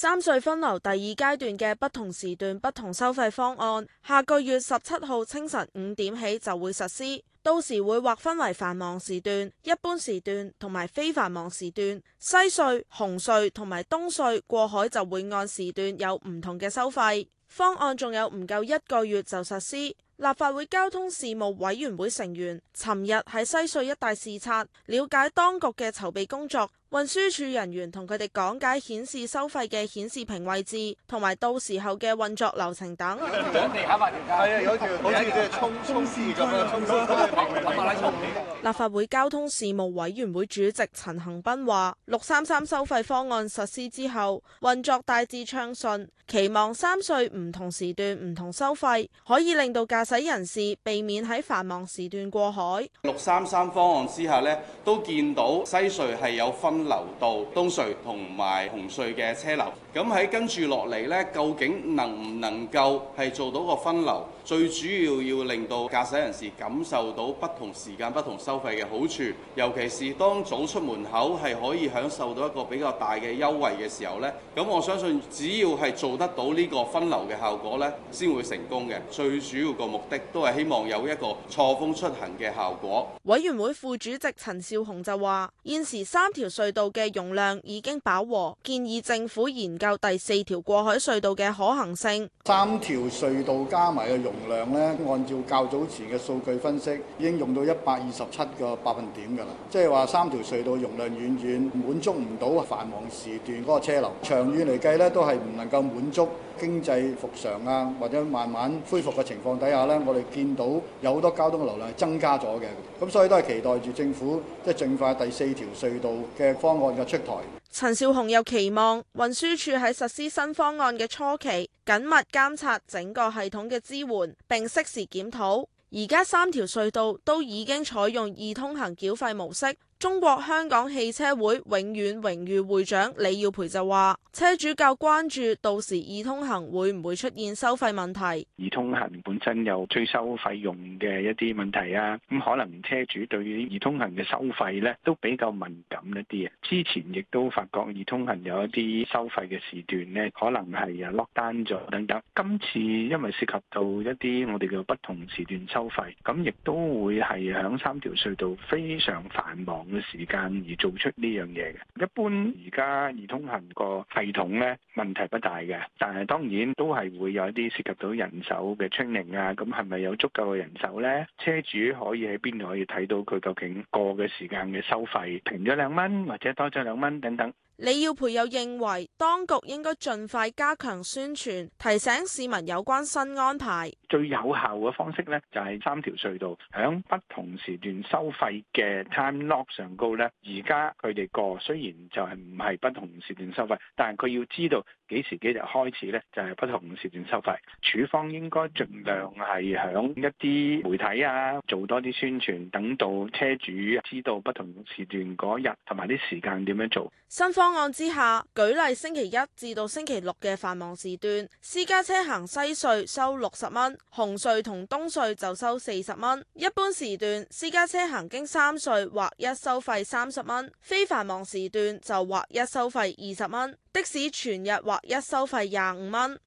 三隧分流第二階段嘅不同時段不同收費方案，下個月十七號清晨五點起就會實施，到時會劃分為繁忙時段、一般時段同埋非繁忙時段。西隧、紅隧同埋東隧過海就會按時段有唔同嘅收費方案，仲有唔夠一個月就實施。立法會交通事務委員會成員尋日喺西隧一帶視察，了解當局嘅籌備工作。運輸署人員同佢哋講解顯示收費嘅顯示屏位置，同埋到時候嘅運作流程等。 立法會交通事務委員會主席陳恒鑌話，六三三收費方案實施之後，運作大致暢順，期望三隧唔同時段唔同收費，可以令到駕駛人士避免喺繁忙時段過海。六三三方案之下呢都見到西隧係有分。流到東隧同埋紅隧嘅車流，咁喺跟住落嚟咧，究竟能唔能夠係做到個分流？最主要要令到駕駛人士感受到不同時間不同收費嘅好處，尤其是當早出門口係可以享受到一個比較大嘅優惠嘅時候咧，咁我相信只要係做得到呢個分流嘅效果咧，先會成功嘅。最主要個目的都係希望有一個錯峰出行嘅效果。委員會副主席陳少雄就話，現時三條隧。隧道嘅容量已經飽和，建議政府研究第四條過海隧道嘅可行性。三條隧道加埋嘅容量咧，按照較早前嘅數據分析，已經用到一百二十七個百分點噶啦，即係話三條隧道容量遠遠滿足唔到繁忙時段嗰個車流，長遠嚟計咧都係唔能夠滿足經濟復常啊或者慢慢恢復嘅情況底下咧，我哋見到有好多交通流量增加咗嘅，咁所以都係期待住政府即係盡快第四條隧道嘅。方案嘅出台，陳少雄又期望運輸署喺實施新方案嘅初期，緊密監察整個系統嘅支援，並適時檢討。而家三條隧道都已經採用易通行繳費模式。中國香港汽車會永遠榮譽會長李耀培就話：車主較關注到時易通行會唔會出現收費問題。易通行本身有追收費用嘅一啲問題啊，咁可能車主對於易通行嘅收費呢都比較敏感一啲啊。之前亦都發覺易通行有一啲收費嘅時段呢可能係啊落單咗等等。今次因為涉及到一啲我哋嘅不同時段收費，咁亦都會係響三條隧道非常繁忙。嘅時間而做出呢樣嘢嘅，一般而家易通行個系統呢，問題不大嘅，但係當然都係會有一啲涉及到人手嘅訓練啊，咁係咪有足夠嘅人手呢？車主可以喺邊度可以睇到佢究竟過嘅時間嘅收費平咗兩蚊，或者多咗兩蚊等等。李耀培又認為當局應該盡快加強宣傳，提醒市民有關新安排。最有效嘅方式咧，就係、是、三條隧道響不同時段收費嘅 time lock 上高咧。而家佢哋個雖然就係唔係不同時段收費，但係佢要知道幾時幾日開始咧，就係、是、不同時段收費。署方應該盡量係響一啲媒體啊，做多啲宣傳，等到車主知道不同時段嗰日同埋啲時間點樣做。新方。方案之下，舉例星期一至到星期六嘅繁忙時段，私家車行西隧收六十蚊，紅隧同東隧就收四十蚊。一般時段，私家車行經三隧劃一收費三十蚊，非繁忙時段就劃一收費二十蚊。的士全日劃一收費廿五蚊。